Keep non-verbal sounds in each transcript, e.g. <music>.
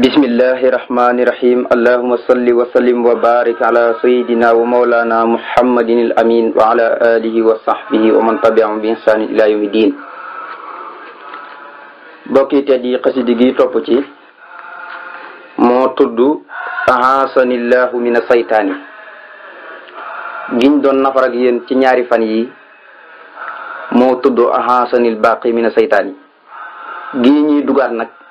bismillahi rahmani rahim allahuma salli wa sallim wa barik ala wa maulana muhammadin amin wa ala alihi wa sahbihi bi ihsanin ila din bokki tedd yi xasidi gi topp ci moo min a saytaani giñ doon nafar ak ci ñaari fan yi moo tudd ahasanil baqi min a saytaani gi dugaat nag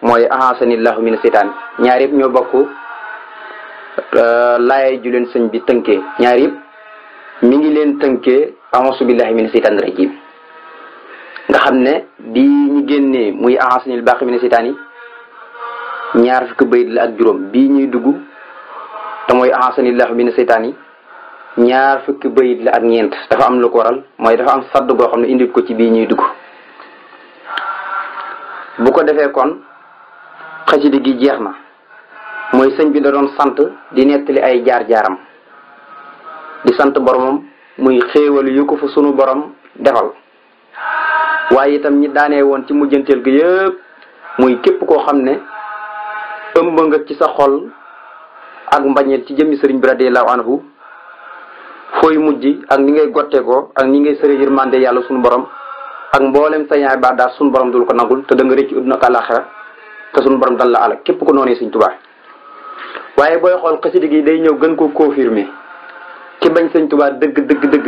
mooy ahasanillahu min sitaan ñaar yëpp ñoo bokk euh, laay ju leen sëñ bi tënkee ñaar yëpp mi ngi leen tënkee aousu billahi min sitaan rajim nga xam ne bi ñu génnee muy ahasanil baqi min sitaan yi ñaar fukki bayit la ak juróom bii ñuy dugg te mooy ahasanillahu min sitaan yi ñaar fukki bayit la ak ñeent dafa am lu ko waral mooy dafa am sadd boo xam ne indil ko ci bii ñuy dugg bu ko defee kon xasida gi jeex na mooy sëñ bi da doon sant di nettali ay jaar-jaaram di sant boromam muy xéewal yu ko fa sunu borom defal waaye itam ñi daane woon ci mujjanteel gi yëpp muy képp koo xam ne ëmb nga ci sa xol ak mbañeel ci jëmmi sëriñ bi radiyallahu anhu fooy mujj ak ni ngay gotte ko ak ni ngay sëri yërmande yàlla sunu borom ak mboolem sa ñaay baadaar sunu borom dul ko nangul te da nga rëcc àddina ak àllaaxira te suñu borom dal la alak képp ko noonee sëñ tubaa waaye booy xool xasida gi day ñëw gën koo confirmer ki bañ sëñ tubaa dëgg dëgg dëgg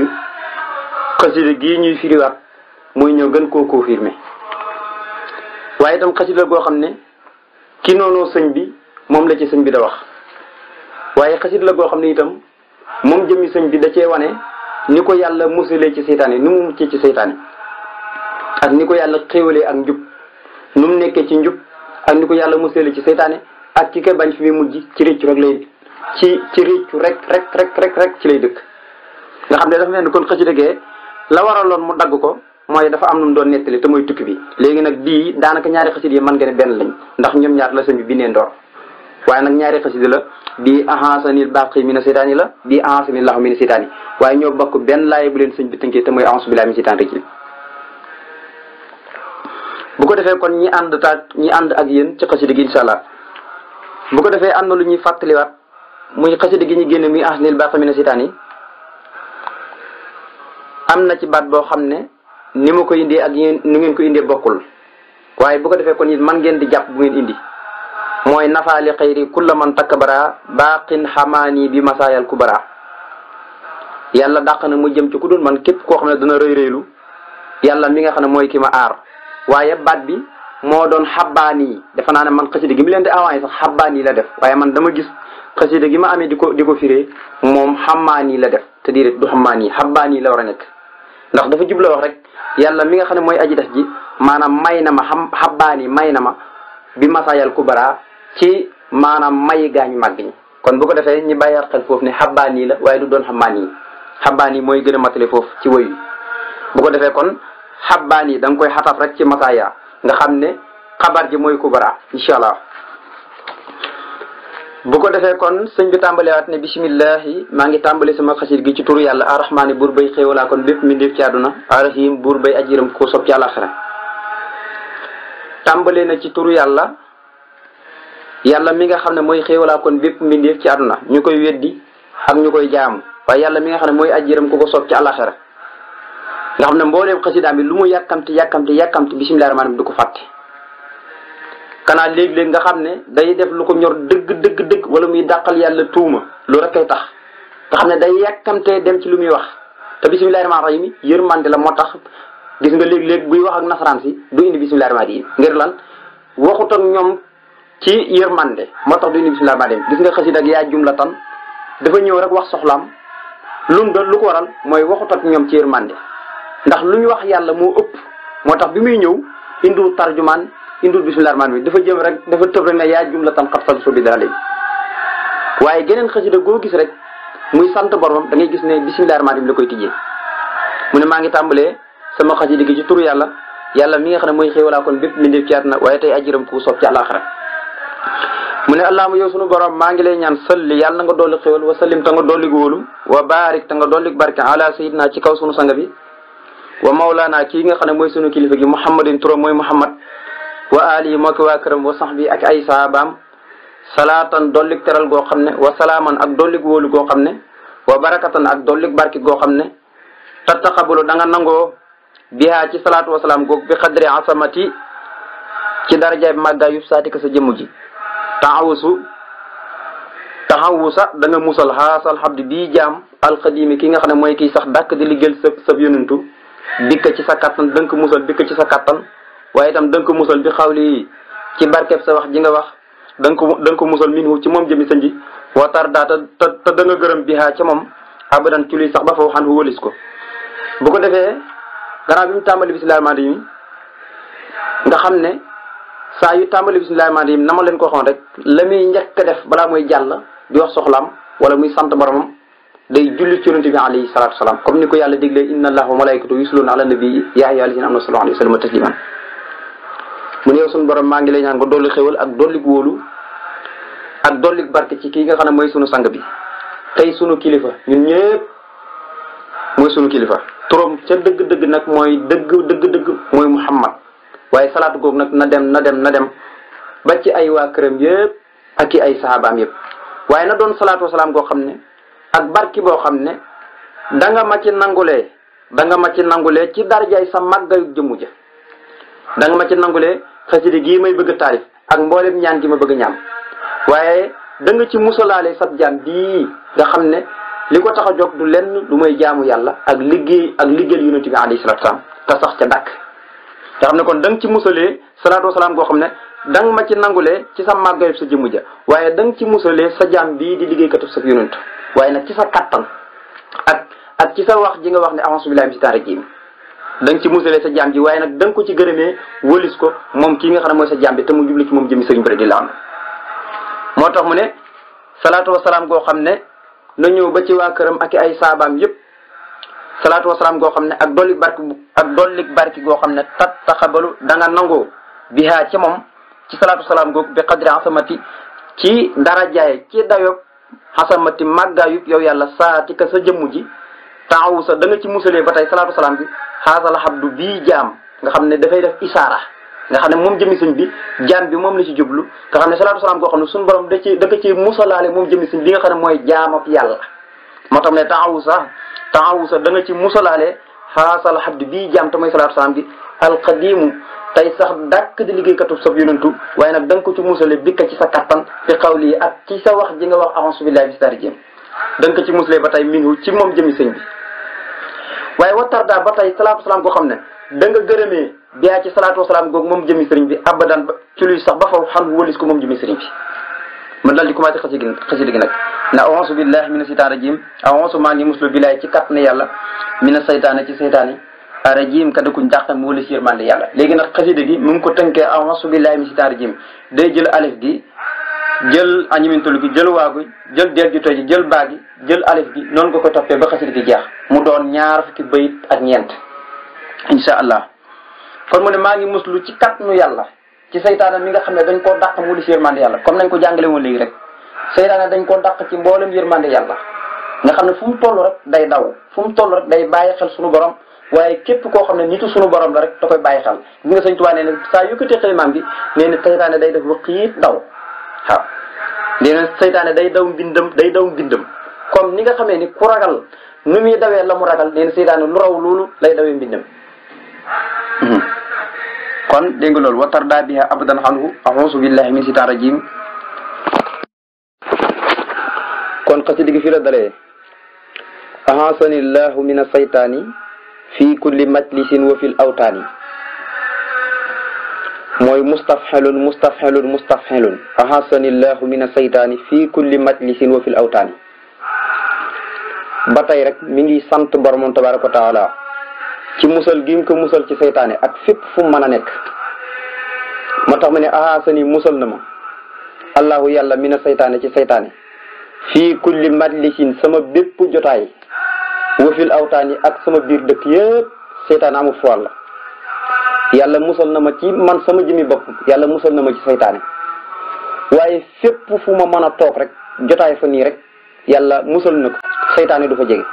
xasida gii ñuy firiwaat mooy ñëw gën koo confirmer waaye itam xasida goo xam ne ki noonoo sëñ bi moom la ci sëñ bi da wax waaye xasida la goo xam ne itam moom jëmmi sëñ bi da cee wane ni ko yàlla musalee ci seytaane ni mu muccee ci seytaane ak ni ko yàlla xéwalee ak njub nu mu nekkee ci njub ak ni ko yàlla mu musale ci seytaane ak ki koy bañ fi muy mujj ci réccu rek lay ci ci riccu rek rek rek rek rek ci lay dëkk nga xam ne dafa mel ni kon xëcc dëggee la waraloon mu dagg ko mooy dafa am nu mu doon nettali te mooy tukki bi léegi nag bii daanaka ñaari xasit yi man nga ne benn lañ ndax ñoom ñaar la sëñ bi bindee ndoor waaye nag ñaari xasit la bii ahansanil baqi a seytaani la bii ahansanil lahu mina seytaani waaye ñoo bokk benn laay bu leen sëñ bi tënkee te mooy ahans billahi mina seytaani rajim bu ko defee kon ñi ànd taak ñi ànd ak yéen ci xasida gi incha allah bu ko defee am na lu ñuy fàttaliwaat muy xasida gi ñu génn muy asnil baax mi na sitaan am na ci baat boo xam ne ni ma ko indee ak yéen ni ngeen ko indee bokkul waaye bu ko defee kon it man ngeen di jàpp bu ngeen indi mooy nafaali xayri kulla man takk takkabara baaqin xamaani bi masaayal kubara yàlla dàq na mu jëm ci ku dul man képp koo xam ne dana rëy rëylu yàlla mi nga xam ne mooy ki ma aar waaye baat bi moo doon xabbaani yi dafa naa ne man xasida gi mu leen di avant yi sax xabbaani yi la def waaye man dama gis xasida gi ma amee di ko di ko firee moom xammaani la def te diiret du xammaani xabbaani la war a nekk ndax dafa jubloo rek yàlla mi nga xam ne mooy aji def ji maanaam may na ma xam xabbaani may na ma bi masaayal kubara ci maanaam may gaañu màgg ñi kon bu ko defee ñu bàyyi xel foofu ne xabbaani la waaye du doon xammaani xabbaani mooy gën a matale foofu ci woyu bu defee kon xabbaan yi danga koy xataf rek ci masaaya nga xam ne xabar ji mooy kubara incha allah bu ko defee kon sëñ bi tàmbalewaat ne bisimillahi maa ngi tàmbale sama xasir gi ci turu yàlla arrahmaani buur bay xéewalaa kon bépp mi ndéef ci àdduna arrahim buur bay ajiram ko sob ci àlaxira tàmbale na ci turu yàlla yàlla mi nga xam ne mooy xéewalaa kon bépp mi ndéef ci àdduna ñu koy weddi ak ñu koy jaamu waaye yàlla mi nga xam ne mooy ajiram ku ko sob ci àlaxira nga xam ne mbooleem xasidaam bi lu mu yàkkamti yàkkamti yàkkamti bisimilah rahmaani du ko fàtte kanaa léeg-léeg nga xam ne day def lu ko ñor dëgg dëgg dëgg wala muy dàqal yàlla tuuma lu rekkay tax nga xam ne day yàkkamtee dem ci lu muy wax te bisimilah rahmaani rahim yërmande la moo tax gis nga léeg-léeg buy wax ak nasaraan si du indi bisimilah rahmaani rahim ngir lan waxut ak ñoom ci yërmande moo tax du indi bisimilah rahmaani rahim gis nga xasida ak yaa jumla tan ñëw rek wax soxlaam lum lu ko waral mooy waxut ñoom ci yërmande ndax lu ñu wax yàlla moo ëpp moo tax bi muy ñëw indul tarjumaan indul bismillaahi rahmaani bi dafa jëm rek dafa tëb rek ne yaa jumlatan xat fal sobi daal waaye geneen xasida goo gis rek muy sant boromam da ngay gis ne bismillaahi rahmaani bi la koy tijjee mu ne maa ngi tàmbalee sama xasida gi ci turu yàlla yàlla mi nga xam ne mooy xéewalaa kon bépp mbindeef ci àdduna waaye tey ajiram ku soob ci àllaaxira mu ne allahuma yow sunu borom maa ngi lay ñaan salli yàlla na nga dolli xéwal wa sallim ta nga dolli wóolu wa baarik ta nga dolli barke ala sayidina ci kaw sunu sanga bi wa mawlaana kii nga xam ne mooy sunu kilifa gi muhammadin turam mooy muhammad wa alihi moo ki waa këram wa sax bi ak ay saabaam salaatan dollik teral goo xam ne wa salaaman ak dollik wóolu goo xam ne wa barakatan ak dollik barki goo xam ne tattaxabulu da nga nangoo bihaa ci salaatu wa salaam googu bi xadri asamati ci daraja bi màggaa yub saatika sa jëmm ji taxawusu taxawusa da nga musal xaasal xabdi bii jaam alxadimi ki nga xam ne mooy kiy sax dàkk di liggéeyal sëb sëb yonentu dikk ci sa kattan dënk musal dikk ci sa kattan waaye itam dënk musal bi xawli ci barkeb sa wax ji nga wax dënk dënk musal minhu ci moom jëmi sa nji wa tarda te te gërëm bihaa ca moom abadan ci luy sax ba fa waxaan fu wëlis ko bu ko defee gannaaw bi mu tàmbali bismillahi rahmaani rahim nga xam ne saa yu tàmbali bismillahi rahmaani yi na ma leen ko waxoon rek la muy njëkk a def balaa muy jàll di wax soxlaam wala muy sant boromam day julli ci yonente bi alayhi salatu wasalaam comme ni ko yàlla déglee inna allaha wa malaikatu yusluna ala nabii yaa ayyuha allazina amanu sallu alayhi wa sallimu tasliman mu ne yow borom maa ngi lay ñaan nga dolli xéwal ak dolli wóolu ak dolli barke ci kii nga xam ne mooy sunu sang bi tey sunu kilifa ñun ñëpp mooy sunu kilifa ca dëgg-dëgg nag mooy dëgg dëgg-dëgg mooy muhammad waaye salaatu googu nag na dem na dem na dem ba ci ay waa këram yëpp ak ci ay sahabaam yëpp waaye na doon salaatu wasalaam goo xam ne ak barki boo xam ne danga nga ma ci nangulee da nga ci nangulee ci darjaay sa màggayu jëmu ja danga ma ci nangulee xasida gii may bëgg taarif ak mboolem ñaan gi ma bëgg ñaan waaye da ci musalaale sab jaam bii nga xam ne li ko tax a jóg du lenn du may jaamu yàlla ak liggéey ak liggéeyal yonent bi te sax ca dàkk nga ne kon da ci musalee salaatu wasalaam goo xam ne da ma ci nangulee ci sa màggayu sa jëmu ja waaye danga nga ci musalee sa jaam bii di liggéeykatu sa yonent waaye nag ci sa kattan ak ci sa wax ji nga wax ne avance billahi misita rajim da nga ci musalee sa jaam ji waaye nag da ko ci gërëmee wëlis ko moom kii nga xam ne mooy sa jaam bi te mu jubli ci moom jëmi sëriñ bi di la am tax mu ne salaatu goo xam ne na ñëw ba ci waa këram ak ay saabaam yëpp salaatu wasalaam goo xam ne ak dolli barki ak dolli goo xam ne tat taxabalu da nga nangoo bihaa ci moom ci salaatu wasalaam googu bi qadri asamati ci dara darajaay ci dayob xasamati màggaayub yow yàlla saatika sa jëmm ji taawu sa da nga ci musalee ba tey salaatu salaam bi xaasal xabdu bii jaam nga xam ne dafay def isaara nga xam ne moom jëmi bi jaam bi moom la ci jublu nga xam ne salaatu salaam goo xam ne suñu borom da ci da ko moom jëmi sëñ bi nga xam ne mooy jaamab yàlla moo tax ne taawu sa taawu sa da nga ci musalaale xaasal xabdu bii jaam te mooy salaatu salaam bi alqadimu tey sax dàkk di liggéeykatub sab yonantu waaye nag da ko ci musale bikka ci sa kattan fi xawli ak ci sa wax ji nga wax ahansu billahi bi sar jëm da nga ko ci musale ba tey minhu ci moom jëmi bi waaye watarda ba tey salaatu salaam koo xam ne da nga gërëmee biyaa ci salaatu wasalaam googu moom jëmi sëriñ bi abadan ci luy sax ba faw xan ko moom jëmi sëriñ bi man daal na ahansu billahi mina seytaan rajim ahansu maa ngi muslu billahi ci kattan yàlla mina seytaane ci seytaan yi rajim kada kuñ dàq moo la si yërmande yàlla léegi nag xasida gi ko ngi ko tënkee a'uuzu billaahi mina shaytaani rajiim day jël alif gi jël añimintalu gi jël waagu jël del ju toj ji jël baa jël alif gi noonu nga ko toppee ba xasida gi jeex mu doon ñaar fukki bayit ak ñeent insha allah kon mu ne maa ngi muslu ci kàttanu yàlla ci saytaana mi nga xam ne dañ koo daq mu di si yërmande yàlla comme nañ ko jàngale léegi rek saytaana dañ koo dàq ci mboolem yërmande yàlla nga xam ne fu mu toll rek day daw fu mu toll rek day bàyyi waaye képp koo xam ne nitu sunu borom la rek da koy bàyyi xel gis nga sëñ Tuubaa nee na saa yëkkatee xalimaam gi nee na day def ba xiit daw waaw nee na seytaane day daw mbindam day daw mbindam comme ni nga xamee ni ku ragal nu muy dawee la mu ragal nee na seytaane lu raw loolu lay dawee mbindam mhm. kon dégg nga loolu wa tarda biha abadan anhu axuusu billahi min sitaan rajim kon xasida gi fi la dalee axaasani llahu min asaytaani fi kulli majlisin wa fil awtaani mooy mustafxelun mustafxelun mustafxelun ahasanillahu min aseytaani fi kulli majlisin wa fil awtaani ba tey rek mi ngi sant boromam tabaraka wa taala ci musal gi mu ko musal ci seytaane ak fépp fu mën a nekk moo tax ma ne ahasani musal na ma allahu yàlla mina seytaane ci seytaane fii kulli majlisin sama bépp jotaay wafil awtaan yi ak sama biir dëkk yëpp seytaan amul foir la yàlla musal na ma ci man sama jëmi bopp yàlla musal na ma ci seytaane waaye ma mën a toog rek jotaay fa nii rek yàlla musal na seytaane du fa jege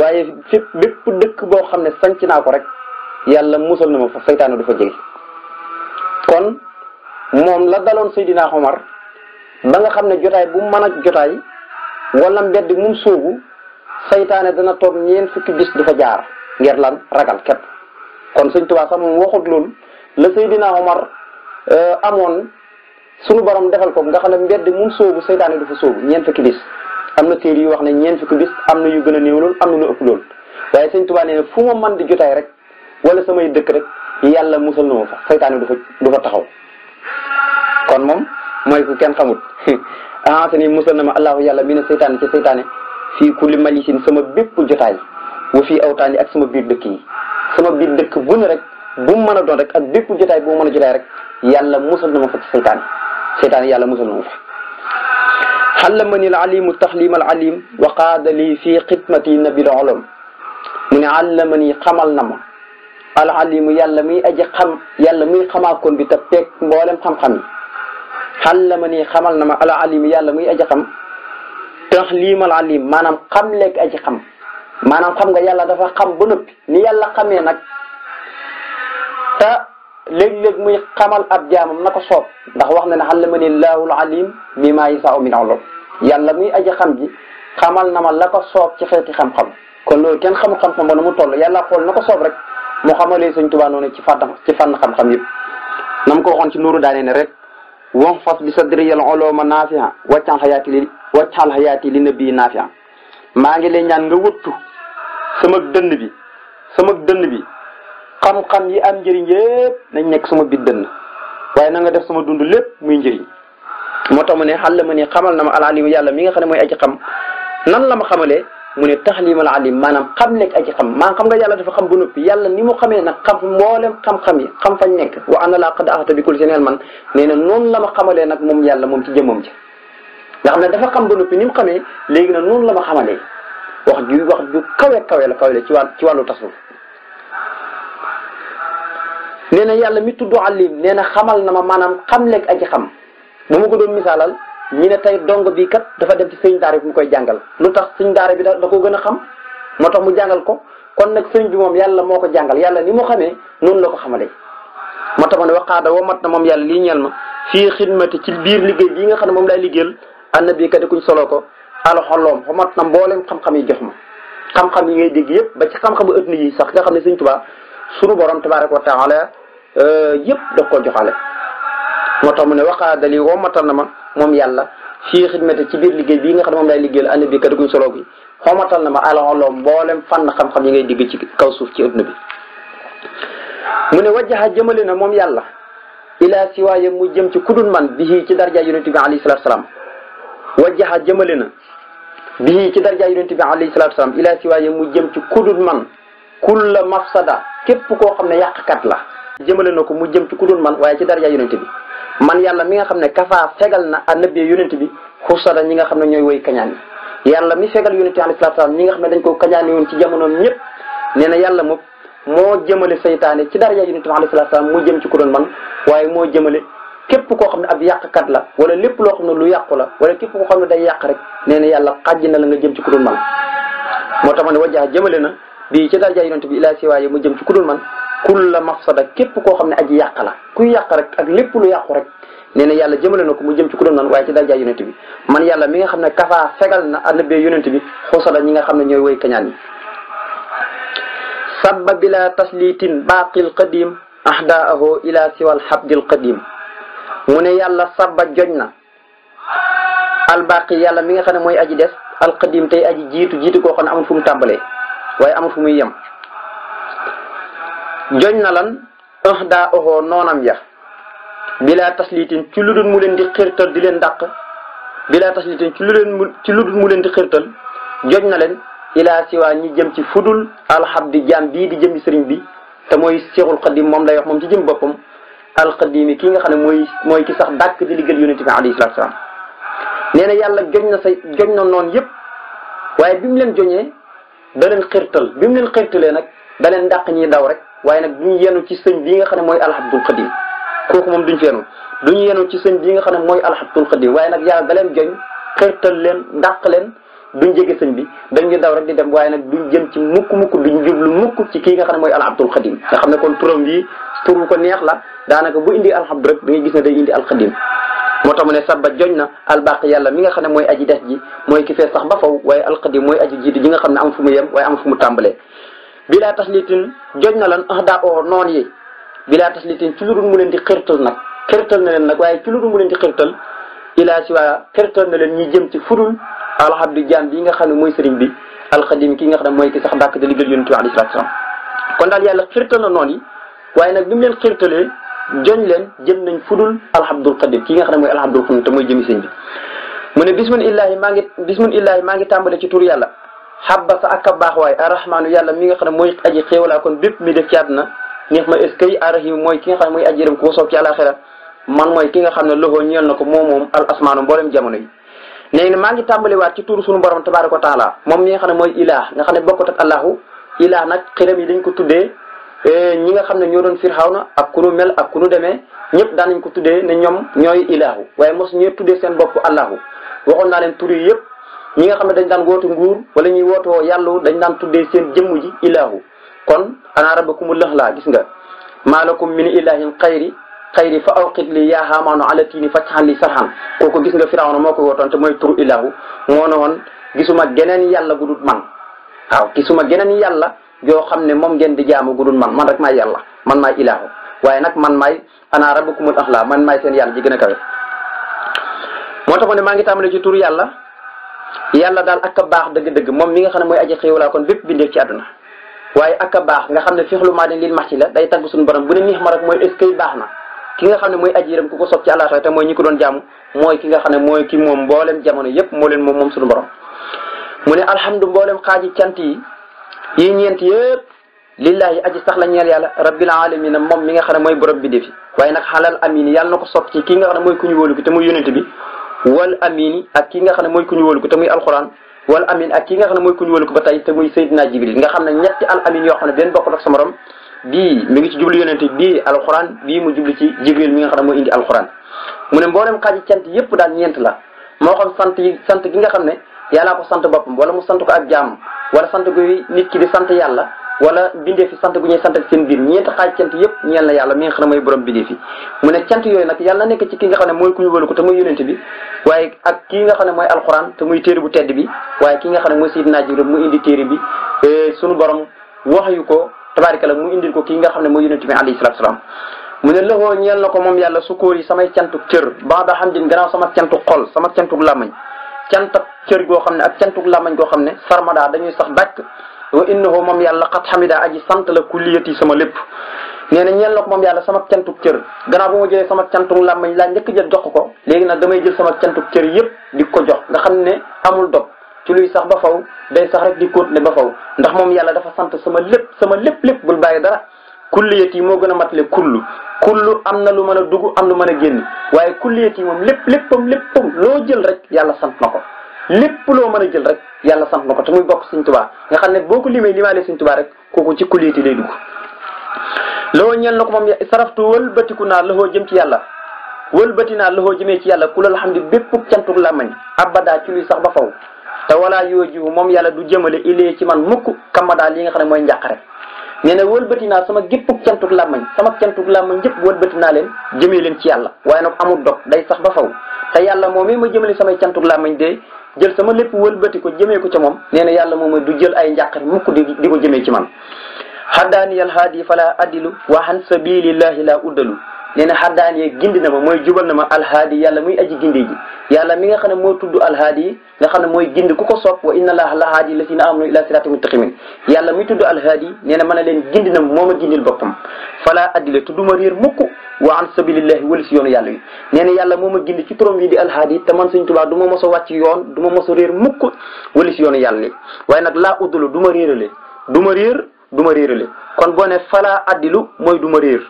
waaye fépp bépp dëkk boo xam ne sanc naa ko rek yàlla musal na ma fa seytaane du fa jege kon moom la daloon Seydina Omar ba nga xam ne jotaay bu mën a jotaay wala mbedd mum sóobu seytaane dana toog ñeent fukki bis du fa jaar ngir lan ragal képp kon Sëñ Tuubaa sax moom waxut loolu la Seydina Omar euh, amoon sunu borom defal ko nga xam ne mbedd mun soobu saytaane du fa soobu ñeent fukki bis am na téere yu wax ne ñeent fukki bis am na yu gën a néew loolu am na lu ëpp loolu waaye Sëñ Tuubaa nee na fu ma man di jotaay rek wala samay dëkk rek yàlla musal na ma fa saytaane du fa taxaw kon moom mooy ku kenn xamut ah <laughs> ni musal na ma allahu yàlla mi ne ci saytaane fii kulli majlisin sama bépp jotaay wa fii awtaan yi ak sama biir dëkk yi sama biir dëkk bu ne rek bu mu mën a doon rek ak bépp jotaay bu mu mën a jotaay rek yàlla musal na ma fa ci seytaan seytaan yàlla musal na ma fa xallama ni alalimu taxlima alalim wa qaada lii fii xidmati nabil olom mu ne allama ni xamal na ma alalimu yàlla muy aji xam yàlla muy xamaakoon bi te peeg mboolem xam-xam yi xallama ni xamal na ma alalimu yàlla muy aji xam taxliimal alim maanaam xam lekk aji xam maanaam xam nga yàlla dafa xam ba noppi ni yàlla xamee nag te léeg-léeg muy xamal ab nako na soob ndax wax na ne allamani llaahu alim bi maa yasaau min ulum yàlla muy aji xam ji xamal na ma la ko soob ci xeeti xam-xam kon loolu kenn xamul xam-xam ba na mu toll yàlla kool na ko soob rek mu xamalee sëñ Tuubaa noonu ci fànn ci fànn xam-xam yëpp ko waxoon ci nuuru daane rek wam fas bi sadriyal uluma naasiha wàccan xayaati li waccaal xayaati li nabii naafian maa ngi lay ñaan nga wëttu sama dënn bi sama dënn bi xam-xam yi am njëriñ yépp nañ nekk sama biir dënn waaye na nga def sama dund lépp muy njëriñ moo tax mu ne xàll ma ni xamal na ma alalimu yàlla mi nga xam ne mooy aji xam nan la ma xamalee mu ne taxlimal alim maanaam xam nekk aji xam maa xam nga yàlla dafa xam bu noppi yàlla ni mu xamee nag xam mboolem xam-xam yi xam fañ nekk wa ana laa qad ahata bi kulli shay'in man nee na noonu la ma xamalee nag moom yàlla moom ci jëmmam ji nga xam ne dafa xam ba noppi ni mu xamee léegi na noonu la ma xamalee wax ju wax ju kawe kawe la kawe la ci wàll ci wàllu tasawuf nee na yàlla mi tudd alim nee na xamal na ma maanaam xam lekk aji xam mu ma ko doon misaalal ñi ne tey dong bii kat dafa dem ci sëñ daara bi mu koy jàngal lu tax sëñ daara bi da da ko gën a xam moo tax mu jàngal ko kon nag sëñ bi moom yàlla moo ko jàngal yàlla ni mu xamee noonu la ko xamalee moo tax ma ne waxaada wa na moom yàlla lii ñeel ci biir liggéey bii nga xam ne moom laay liggéeyal annabi kat kuñ soloo ko alxoloom xomat na mboolem xam-xam yi jox ma xam-xam yi ngay dégg yëpp ba ci xam-xamu ëtt yi sax nga xam ne Sëñ Tuubaa sunu borom tabaaraka wa taala euh, yëpp daf koo joxale moo tax mu ne waxaada woo womatal na ma moom yàlla fii xidmate ci biir liggéey bii nga xam ne moom laay liggéeyal annabi kat kuñ soloo bi xomatal na ma alxoloom mboolem fan xam-xam yi ngay dégg ci kaw suuf ci ëtt bi mu ne wajjaxa jëmale na moom yàlla ilaa siwaaya mu jëm ci kudul man bi ci darja yonente salaam wajjaxa jëmale na bii ci darja yonente bi alayhi salaatu salaam ilaa siwaaye mu jëm ci kudul man kulla mafsada képp koo xam ne yàqkat la jëmale ko mu jëm ci kudul man waaye ci darja yonente bi man yàlla mi nga xam ne kafaa fegal na annabi yonente bi xusada ñi nga xam ne ñooy woy kañaan yàlla mi fegal yonente bi alayhi salaatu salaam ñi nga xam ne dañ ko kañaane woon ci jamonoom ñëpp nee na yàlla moom moo jëmale seytaane ci darja yonente bi alayhi salaatu salaam mu jëm ci kudul man waaye moo jëmale képp koo xam ne ab yàqkat la wala lépp loo xam ne lu yàqu la wala képp koo xam ne day yàq rek nee na yàlla xàjji na la nga jëm ci ku dul man moo tax ma ne wajaa jëmale na bii ci daraja yonent bi ilaa siwaaye mu jëm ci ku dul man kul la mafsada képp koo xam ne aji yàq la kuy yàq rek ak lépp lu yàqu rek nee na yàlla jëmale na ko mu jëm ci ku dul man waaye ci daraja yonent bi man yàlla mi nga xam ne kafaa fegal na annabee yonent bi xusala ñi nga xam ne ñooy woy kañaan yi sabba bila taslitin baaqil qadim ahdaaho ila siwal habdil qadim mune yàlla sabba joñ na albaqi yàlla mi nga xam ne mooy aji des alqadim tey aji jiitu jiitu koo xam ne amul fu mu tàmbalee waaye amul fu muy yem joñ na lan ah daa oxoo noonam ya bilaa tasliitin ci lu dul mu leen di xirtal di leen dàq bilaa tasliitin ci lu leen ci lu mu leen di xirtal joñ na leen ilaa siwaa ñi jëm ci fudul alxabdi jaam bii di jëm ci sëriñ bi te mooy seexul xadim moom lay wax moom ci jëm boppam alqadimi kii nga xam ne mooy mooy ki sax dàkk di liggéey yonente bi alayhi salaatu salaam nee na yàlla gëñ na say gëñ na noonu yëpp waaye bi mu leen joñee da leen xirtal bi mu leen xirtalee nag da leen dàq ñiy daw rek waaye nag duñu yenu ci sëñ bii nga xam ne mooy alxabdul xadim kooku moom duñ fi yenu duñu yenu ci sëñ bii nga xam ne mooy alxabdul xadim waaye nag yàlla da leen joñ xirtal leen dàq leen duñ jege sañ bi dañ dañuy daw rek di dem waaye nag duñ jëm ci mukk mukk duñ jublu mukk ci kii nga xam ne mooy al abdul xadim nga xam ne kon turam bii turu ko neex la daanaka indi alhamdu rek da ngay gis ne day indi alxadim moo tax mu ne sabba joñ na albaqi yàlla mi nga xam ne mooy aji des ji mooy ki fee sax ba faw waaye alxadim mooy aji jiitu ji nga xam ne am fu mu yem waaye am fu mu tàmbalee bilaa taslitin joñ na lan ah daa oo noon yi bilaa taslitin ci lu dul mu leen di xirtal nag xirtal na leen nag waaye ci lu dul mu leen di xirtal ilaa si waa na leen ñi jëm ci fudul alhamdu jaam bi nga xam ne mooy sëriñ bi alxadim ki nga xam ne mooy ki sax dàkk te liggéey yonent bi alayhi salaatu salaam kon yi waaye nag bi mu leen xirtalee joñ leen jëm nañ fudul alhamdul qadir ki nga xam ne mooy alhamdul xun te mooy jëmi sëñ bi mu ne bismun illaahi maa ngi bismun illaahi maa ngi tàmbale ci tur yàlla xabbasa ak a baax waaye arrahmaanu yàlla mi nga xam ne mooy aji xéewalaa kon bépp mi ci mooy ki nga xam ne mooy aji yërëm xam ne loxoo ñeel na ko moom moom al asmaanu jamono yi maa ngi tàmbaliwaat ci turu sunu borom tabaaraka wa taala moom mi nga xam ne mooy ilaah nga xam ne bokkut ak allahu ilaah nag xiram yi dañ ko tuddee Eh, ñi nga xam ne ñoo doon Firawna ak ku nu mel ak ku nu demee ñëpp daan nañ ko tuddee ne ñoom ñooy ilaahu waaye mos ñëw tudde seen bopp allahu waxoon naa leen tur yi yëpp ñi nga xam ne dañ daan wootu nguur wala ñuy wootoo yàlla dañ daan tuddee seen jëmm ji ilaahu kon ana rabbakumu lëxlaa gis nga maalakum min ilahin xayri xayri fa awqit li yaa haamaanu ala tiini fajhan li sarhan ko gis nga Firawna moo ko wootoon te mooy turu ilaahu moo ne woon gisuma geneen yàlla gudut man waaw gisuma geneen yàlla joo xam ne moom ngeen di jaamu gudul man man rek maay yàlla man maay ilaahu waaye nag man maay ana rabbukumul axla man maay a kawe moo tax ne maa ngi tàmbale ci tur yàlla yàlla daal ak a baax dëgg-dëgg moom mi nga xam ne mooy aji xéewalaa kon bépp bindéef ci àdduna waaye a baax nga xam ne fexlu la day tagg suñu borom bu ne niix ma rek mooy est-ce que na ki nga xam ne ku ko sopp ci àllaaxira te ko doon jaamu mooy ki nga ne mooy ki moom mboolem jamono yépp moo leen moom moom suñu borom mu ne alhamdu mboolem xaaji cant yi yi ñeent yëpp lillahi aji sax la ñeel yàlla rabbil alamina moom mi nga xam ne mooy borom bi defi waaye nag xalal amini yàlla na ko sopp ci kii nga xam ne mooy ku ñu wóolu ko te muy yonent mooy ku ñu wóolu ko te muy alquran wal amin ak kii nga xam ne mooy ku ñu wóolu ko ba tey te muy ne ñetti al amin yoo xam ne benn bokkut ak sa morom bii bii alquran bii mu ci Jibril mi nga xam ne mooy indi alquran mu ne mboolem xaji cant yëpp daal ñeent la moo xam sant yi sant gi nga xam ne yàllaa ko sant boppam wala mu sant ko ak jàmm wala sant guy nit ki di sant yàlla wala bindee fi sant gu ñuy sant ak seen biir ñeenti xaaj cant yëpp ñeel na yàlla mi nga xam ne mooy borom bindee fi mu ne cant yooyu nag yàlla na nekk ci ki nga xam ne mooy ku ñu ko te mooy yonent bi waaye ak kii ne mooy alxuraan te muy téere bu tedd bi waaye ki nga xam ne mooy Seydina Jibril mu indi téere bi e, sunu borom waxyu ko tabaarikala mu indil ko kii nga xam ne mooy yonent bi alayhi salaatu salaam mu ne lëxoo ñeel na ko moom yàlla sukkoor yi samay cantu cër baada xam din gannaaw sama cantu xol sama cantu cër goo xam ne ak cantuk làmmañ goo xam ne sarmada dañuy sax dàkk wa innahu moom yàlla xat xamida aji sant la kulliyati sama lépp nee na ñeel na yàlla sama cantuk cër gannaaw bu ma jëlee sama cantuk làmmañ laa njëkk jël jox ko léegi nag damay jël sama cantuk cër yépp di ko jox nga xam ne amul dog ci luy sax ba faw day sax rek di continuer ba faw ndax moom yàlla dafa sant sama lépp sama lépp lépp bul bàyyi dara kulliyat yi moo gën a matale kullu kullu am na lu mën a dugg am lu mën a génn waaye kulliyat yi moom lépp léppam léppam loo jël rek yàlla sant na ko lépp loo mën a jël rek yàlla sant na ko te muy bokk Sëñ Tuubaa nga xam ne boo ko limee limaale Sëñ Tuubaa rek kooku ci kuliiti lay dugg loo ñeel na ko moom saraftu wëlbatiku naa loxoo jëm ci yàlla wëlbati naa loxoo jëmee ci yàlla ku la xam ne bépp cantuk làmmañ abada ci luy sax ba faw te walaa yoojiwu moom yàlla du jëmale ilee ci man mukk kammadaa li nga xam ne mooy njàqare nee na wëlbati naa sama géppuk cantuk làmmañ sama cantuk làmmañ yëpp wëlbati naa leen jëmee leen ci yàlla waaye nag amul dog day sax ba faw te yàlla moom ma jëmale samay cantuk làmmañ de jël ma lépp wëlbati ko jëmee ko ca moom nee na yàlla moom du jël ay njàqar mukk di di ko jëmee ci man haddaani yal haadi fala adilu wa han sabilillahi la uddalu nee na xaddaan yee gindi na ma mooy jubal na ma alhaadi yàlla muy aji gindi ji yàlla mi nga xam ne moo tudd alhaadi yi nga xam mooy gindi ku ko sopp wa inna allaha lahaadi lasina amanu ila sirati mustaqimin yàlla muy tudd alhaadi nee na leen gindi na ma moo ma gindil boppam fala addile tudduma réer mukk wa an sabilillahi wali si yoonu yàlla yi nee na yàlla moo ma gindi ci turam yi di alhaadi te man Sëñ Tuubaa du ma mos a wàcc yoon duma ma mos a réer mukk wali si yoonu yàlla yi waaye nag laa uddulu du ma réerale du ma réer du ma réerale kon boo ne fala mooy du ma réer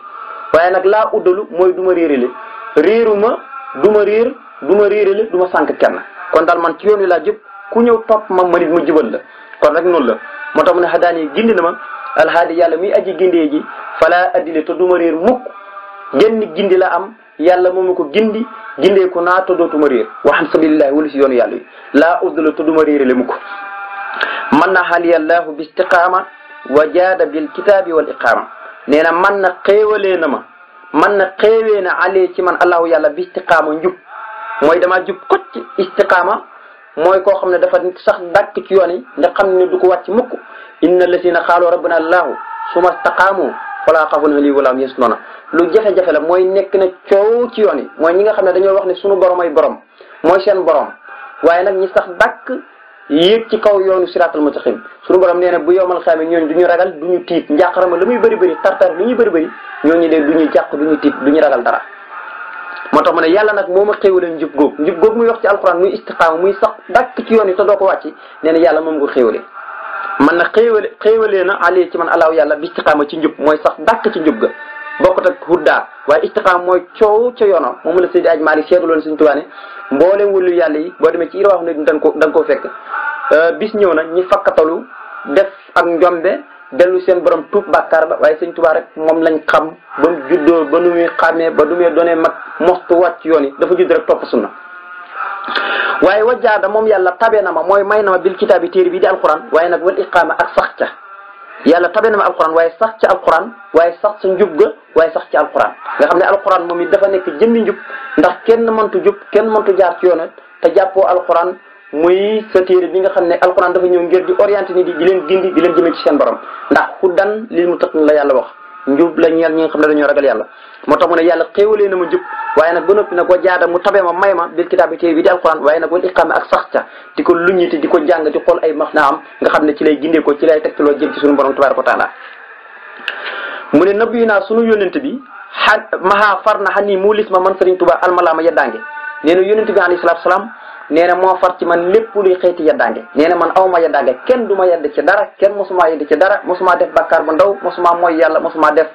waaye nag laa uddalu mooy du ma réerale réeruma du ma réer du ma réerale du ma sànq kenn kon daal man ci yoon wi laa jëpp ku ñëw topp ma ma nit ma jubal la kon rek noonu la moo tax mu ne xadaan gindi na ma alhaadi yàlla muy aji gindee ji falaa addile te du ma réer mukk genn gindi la am yàlla moomu ko gindi gindee ko naa te dootuma réer waxam sabilillahi wala si yoon yàlla yi laa uddala te du ma réerale mukk man na xaaliyallahu bi istiqaama wa bi bil kitaabi wal iqaama nee na man na xéewalee na ma man na xéewee na alee ci man allahu yàlla bi istiqaama njub mooy damaa jub kot ci istiqaama mooy koo xam ne dafa sax dàkk ci yoon yi nga xam ne du ko wàcc mukk inna lasina xaaloo rabbana allahu suma staqaamu falaa xafun alii walaam yasnoona lu jafe-jafe la mooy nekk na coow ci yoon yi mooy ñi nga xam ne dañoo wax ne sunu borom ay borom mooy seen borom waaye nag ñi sax dàkk yéeg ci kaw yoonu siraatal mustaqim suñu borom nee na bu yowmal xaame ñooñ du ñu ragal du ñu tiit njàqarama la muy bëri bëri tartar lu ñuy bëri bëri ñooñu de du ñu jàq du ñu tiit du ñu ragal dara moo tax mu ne yàlla nag moo ma xéewalee njub goog njub góog muy wax ci alxuraan muy istiqaama muy sax dàkk ci yoon yi te doo ko wàcc nee na yàlla moom ko xéewalee man na xéewale xéewalee na ali ci man alaaw yàlla bi istiqaama ci njub mooy sax dàkk ci njub ga bokkut ak huddaa waaye istixaam mooy coow ca yoonam moom la Seydi Aj Maalik seetu loolu Sëriñ Tuubaa ne mbooleem yàlla yi boo demee ci ira wax ne da ko da nga koo fekk euh, bis ñëw na ñi fakkatalu def ak njombe dellu seen borom tuub bàkkaar ba waaye Sëriñ Tuubaa rek moom lañ xam ba mu juddoo ba nu muy xàmmee ba du muy doonee mag mostu wàcc yoon yi dafa judd rek topp sunna waaye wajaada moom yàlla tabee na ma mooy may na ma bil kitaabi téere bi di alquran waaye nag wal iqaama ak sax yàlla tabe na ma alquran waaye sax ci alquran waaye sax sa njub ga waaye sax ci alquran nga xam ne alquran moom it dafa nekk jëmmi njub ndax kenn mëntu jub kenn mëntu jaar ci yoon te jàppoo alquran muy sa téere bi nga xam ne alquran dafa ñëw ngir di orienté ni di leen gindi di leen jëmee ci seen borom ndax mu lil muttaqin la yàlla wax njub la ñeel ñi nga xam ne dañoo ragal yàlla moo tax mu ne yàlla xéewalee na ma njub waaye nag ba noppi nag wa jaada mu tabe ma may ma bil kitaab bi tey bi di alquran waaye nag ak sax ca di ko luññiti di ko jàng di xool ay max naa am nga xam ne ci lay gindee ko ci lay tegtaloo jëm ci suñu borom tabaaraka wa mu ne nabi naa suñu yónnent bi a mahaa far na xan nii mu lis ma man sëriñ tuba almalaama yeddaange nee na yónnent bi alayhi salaatu salaam nee na moo far ci man lépp luy xeeti yeddaange nee na man aw ma yeddaange kenn du ma yedd ci dara kenn mosumaa yedd ci dara mosumaa def bàkkaar bu ndaw mosumaa mooy yàlla mosumaa def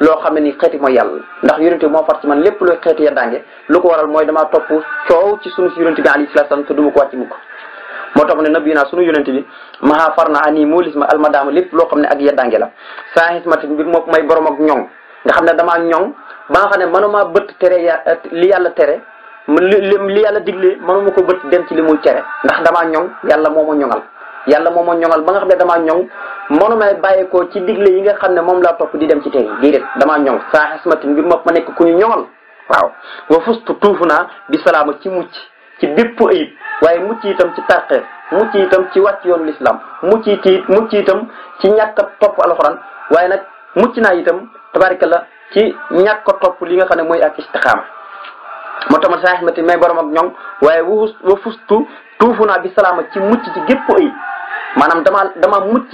loo xam ne ni xeeti mooy yàlla ndax yonente bi moo far ci man lépp luy xeeti yeddaange lu ko mooy damaa topp coow ci sunu yonente bi alayhi salaatu salaam te du ma ko wàcc mukk moo tax mu ne nabi naa sunu yonente bi maha almadaama lépp loo xam ne ak yeddaange la sanhismati bi moo may borom ak ñoŋ nga xam ne damaa ñoŋ ba nga xam ne mënumaa bëtt tere li yàlla tere li li yàlla digle mënuma ko bët dem ci li muy tere ndax damaa ñoŋ yàlla moo ma ñoŋal yàlla moo ma ñoŋal ba nga xam ne damaa ñoŋ mënuma bàyyeekoo ci digle yi nga xam ne moom laa topp di dem ci tey di def damaa ñoŋ saa xismatin mbir ma ma nekk ku ñu ñoŋal waaw wa fustu tuufu naa bi salaama ci mucc ci bépp ayib waaye mucc itam ci tàqeer mucc itam ci wàcc yoon lislaam mucc ci mucc itam ci ñàkk a topp alxuraan waaye nag mucc naa itam tabarika la ci ñàkk a topp li nga xam ne mooy ak istixaama moo tax ma ti may borom ak ñoŋ waaye wu wa fustu tuufu naa bi salaama ci mucc ci gépp ayib maanaam damaa damaa mucc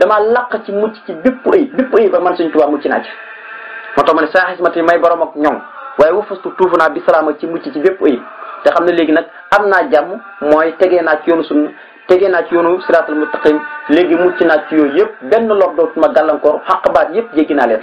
damaa laq ci mucc ci bépp ayib bépp ayib ba man suñ tubaab mucc naa ci moo tax ma ne saaximati may borom ak ñoŋ waaye wa fustu tuufu naa bi salaama ci mucc ci bépp ayib te xam ne léegi nag am naa jàmm mooy tegee naa ci yoonu sunna tege naa ci yoonu siraatal mustaqim léegi mucc naa ci yooyu yëpp benn lor dootuma gàllankoor xaq baat yëpp jéggi naa leen